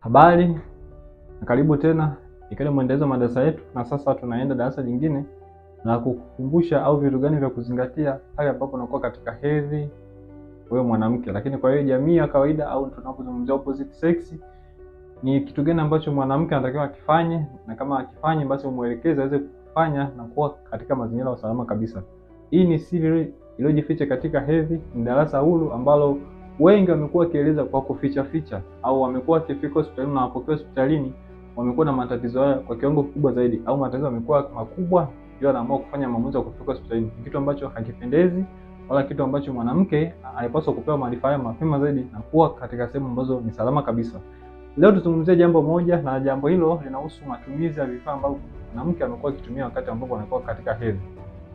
Habari na karibu tena ikiwa ni mwendelezo wa madarasa yetu, na sasa tunaenda darasa jingine na kukukumbusha au vitu gani vya kuzingatia pale ambapo unakuwa katika hedhi wewe mwanamke, lakini kwa hiyo jamii ya kawaida au tunapozungumzia opposite sex, ni kitu gani ambacho mwanamke anatakiwa akifanye, na kama akifanye basi umuelekeze aweze kufanya na kuwa katika mazingira ya usalama kabisa. Hii ni siri iliyojificha katika hedhi, ni darasa huru ambalo wengi wamekuwa wakieleza kwa kuficha ficha au wamekuwa wakifika hospitalini na wapokea hospitalini wamekuwa na matatizo haya kwa kiwango kikubwa zaidi, au matatizo yamekuwa makubwa, ndio anaamua kufanya maamuzi ya kufika hospitalini, kitu ambacho hakipendezi wala kitu ambacho mwanamke alipaswa kupewa maarifa haya mapema zaidi na kuwa katika sehemu ambazo ni salama kabisa. Leo tuzungumzie jambo moja, na jambo hilo linahusu matumizi ya vifaa ambavyo mwanamke amekuwa akitumia wakati ambapo anakuwa katika hedhi.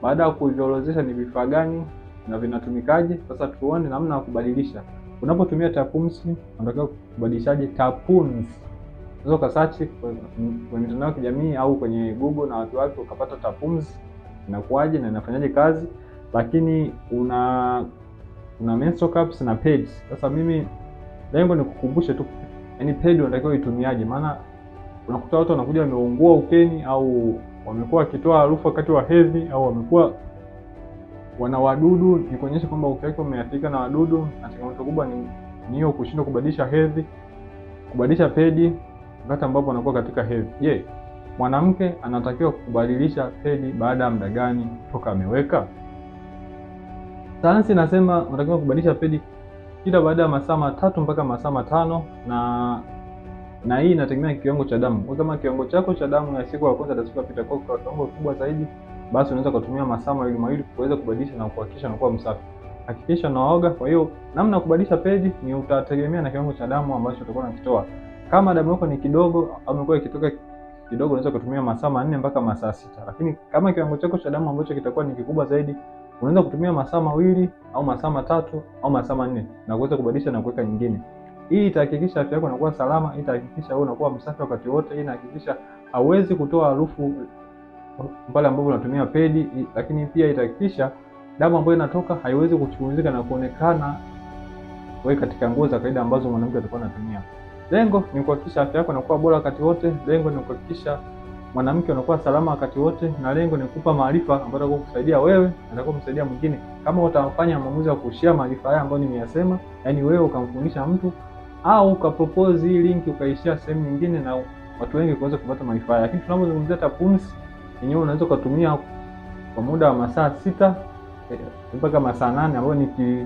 Baada ya kuviorozesha ni vifaa gani na vinatumikaje. Sasa tuone namna ya kubadilisha. Unapotumia tapums, unatakiwa kubadilishaje tapums? Unaweza ukasearch kwenye mitandao ya kijamii au kwenye Google na watu wake ukapata tapums inakuwaje na inafanyaje kazi, lakini una una menstrual cups na pads. Sasa mimi lengo ni kukumbusha tu, yani pedi unatakiwa itumiaje, maana unakuta watu wanakuja wameungua ukeni au wamekuwa wakitoa harufu wakati wa hedhi au wamekuwa wana wadudu, ni kuonyesha kwamba uke wake umeathirika na wadudu, na changamoto kubwa ni hiyo, kushindwa kubadilisha hedhi, kubadilisha pedi wakati ambapo anakuwa katika hedhi. Je, yeah. mwanamke anatakiwa kubadilisha pedi baada ya muda gani toka ameweka? Sayansi inasema unatakiwa kubadilisha pedi kila baada ya masaa matatu mpaka masaa matano na na hii inategemea kiwango cha damu. kama kiwango chako cha damu ya siku ya kwanza ya siku itapita kwa kiwango kikubwa zaidi basi unaweza kutumia masaa mawili mawili kuweza kubadilisha na kuhakikisha unakuwa msafi. Hakikisha unaoga. Kwa hiyo namna ya kubadilisha peji ni utategemea na kiwango cha damu ambacho utakuwa unakitoa. Kama damu yako ni kidogo au imekuwa ikitoka kidogo, unaweza kutumia masaa manne mpaka masaa sita, lakini kama kiwango chako cha damu ambacho kitakuwa ni kikubwa zaidi, unaweza kutumia masaa mawili au masaa matatu au masaa manne na kuweza kubadilisha na kuweka nyingine. Hii itahakikisha afya yako inakuwa salama, itahakikisha wewe unakuwa msafi wakati wote, hii inahakikisha hauwezi kutoa harufu pale ambapo unatumia pedi, lakini pia itahakikisha damu ambayo inatoka haiwezi kuchunguzika na kuonekana wewe katika nguo za kawaida ambazo mwanamke atakuwa anatumia. Lengo ni kuhakikisha afya yako inakuwa bora wakati wote, lengo ni kuhakikisha mwanamke anakuwa salama wakati wote, na lengo ni kukupa maarifa ambayo atakuwa kusaidia wewe na kumsaidia mwingine. Kama utafanya maamuzi ya kushia maarifa haya ambayo nimeyasema, yani wewe ukamfundisha mtu au ukapropose hii link ukaishia sehemu nyingine, na watu wengi kuweza kupata maarifa haya. Lakini tunapozungumzia tapumsi yenyewe unaweza ukatumia kwa muda wa masaa sita eh, mpaka masaa nane ambayo ni ki,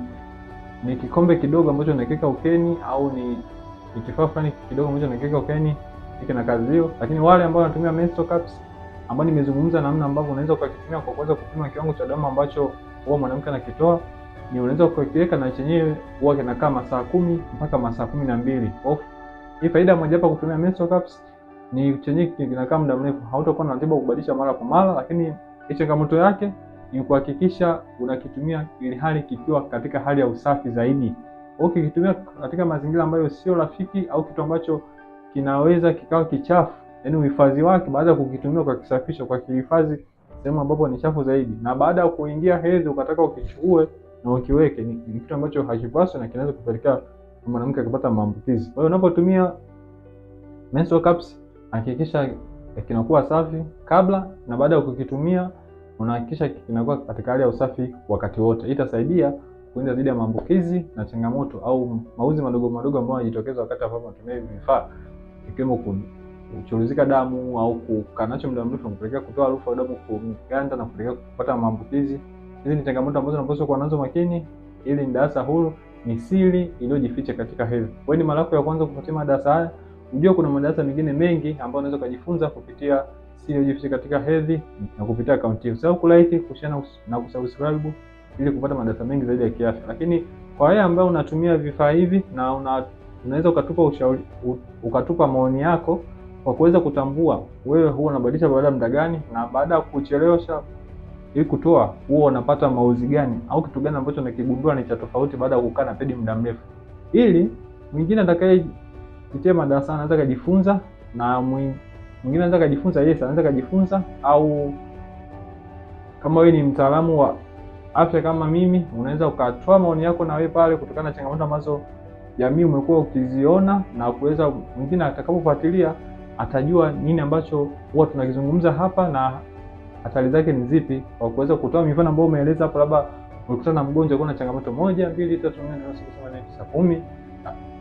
ni kikombe kidogo ambacho nakiweka ukeni au ni, ni kifaa fulani kidogo ambacho nakiweka ukeni hiki na kazi hiyo. Lakini wale ambao wanatumia menstrual cups ambao nimezungumza namna ambavyo unaweza ukakitumia kwa kuweza kupima kiwango cha damu ambacho huwa mwanamke anakitoa, ni unaweza ukakiweka na chenyewe huwa kinakaa masaa kumi mpaka masaa kumi na mbili. Hii faida moja hapa kutumia menstrual cups ni chenye kinakaa muda mrefu, hautakuwa na ratiba kubadilisha mara kwa mara, lakini changamoto yake ni kuhakikisha unakitumia ili hali kikiwa katika hali ya usafi zaidi. Ukikitumia katika mazingira ambayo sio rafiki au kitu ambacho kinaweza kikawa kichafu, yani uhifadhi wake baada ya kukitumia kwa kisafisho, kwa kihifadhi sehemu ambapo ni chafu zaidi, na baada ya kuingia hedhi ukataka ukichukue na ukiweke, ni kitu ambacho hakipaswi na kinaweza kupelekea mwanamke akapata maambukizi. Kwa hiyo unapotumia menstrual cups hakikisha kinakuwa safi kabla na baada ya kukitumia, unahakikisha kinakuwa katika hali ya usafi wakati wote. Hii itasaidia kuenda dhidi ya maambukizi na changamoto au mauzi madogo madogo ambayo yanajitokeza wakati ambapo unatumia hivi vifaa, ikiwemo kuchuruzika damu au kukaa nacho muda mrefu kupelekea kutoa harufu au damu kuganda na kupelekea kupata maambukizi. Hizi ni changamoto ambazo unapaswa kuwa nazo makini. Ili ni darasa huru, ni siri iliyojificha katika hedhi. Wewe ni mara yako ya kwanza kupatia madarasa haya Unajua kuna madarasa mengine mengi ambayo unaweza kujifunza kupitia COGP katika hedhi na kupitia akaunti hiyo. Usisahau kulike, kushare na kusubscribe ili kupata madarasa mengi zaidi ya kiafya. Lakini kwa wale ambao unatumia vifaa hivi na una, unaweza ukatupa ushauri ukatupa maoni yako kwa kuweza kutambua wewe huwa unabadilisha baada ya muda gani na baada ya kuchelewesha ili kutoa huwa unapata mauzi gani au kitu gani ambacho nakigundua ni cha tofauti baada ya kukaa na pedi muda mrefu, ili mwingine atakaye kupitia madarasa anaweza kujifunza na mwingine anaweza kujifunza yes, anaweza kujifunza au kama wewe ni mtaalamu wa afya kama mimi, unaweza ukatoa maoni yako na wewe pale, kutokana na changamoto ambazo jamii umekuwa ukiziona na kuweza, mwingine atakapofuatilia atajua nini ambacho huwa tunakizungumza hapa na hatari zake ni zipi, kwa kuweza kutoa mifano ambayo umeeleza hapo, labda ulikutana na mgonjwa kuna changamoto moja mbili tatu nne tano sita saba nane tisa kumi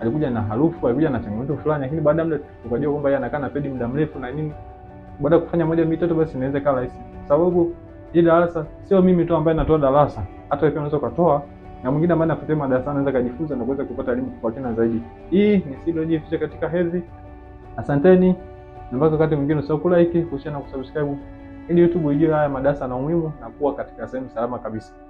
alikuja na harufu, alikuja na changamoto fulani, lakini baada ya muda tukajua kwamba yeye anakaa na pedi muda mrefu na nini. Baada ya kufanya moja mitatu, basi inaweza kuwa rahisi, sababu hii darasa sio mimi tu ambaye natoa darasa, hata wewe pia unaweza kutoa na mwingine ambaye anapitia madarasa anaweza kujifunza na kuweza kupata elimu kwa kina zaidi. Hii ni Silojificha katika hedhi. Asanteni na mpaka wakati mwingine, usahau kulike, kushare na kusubscribe ili YouTube ijue haya madarasa na umuhimu na kuwa katika sehemu salama kabisa.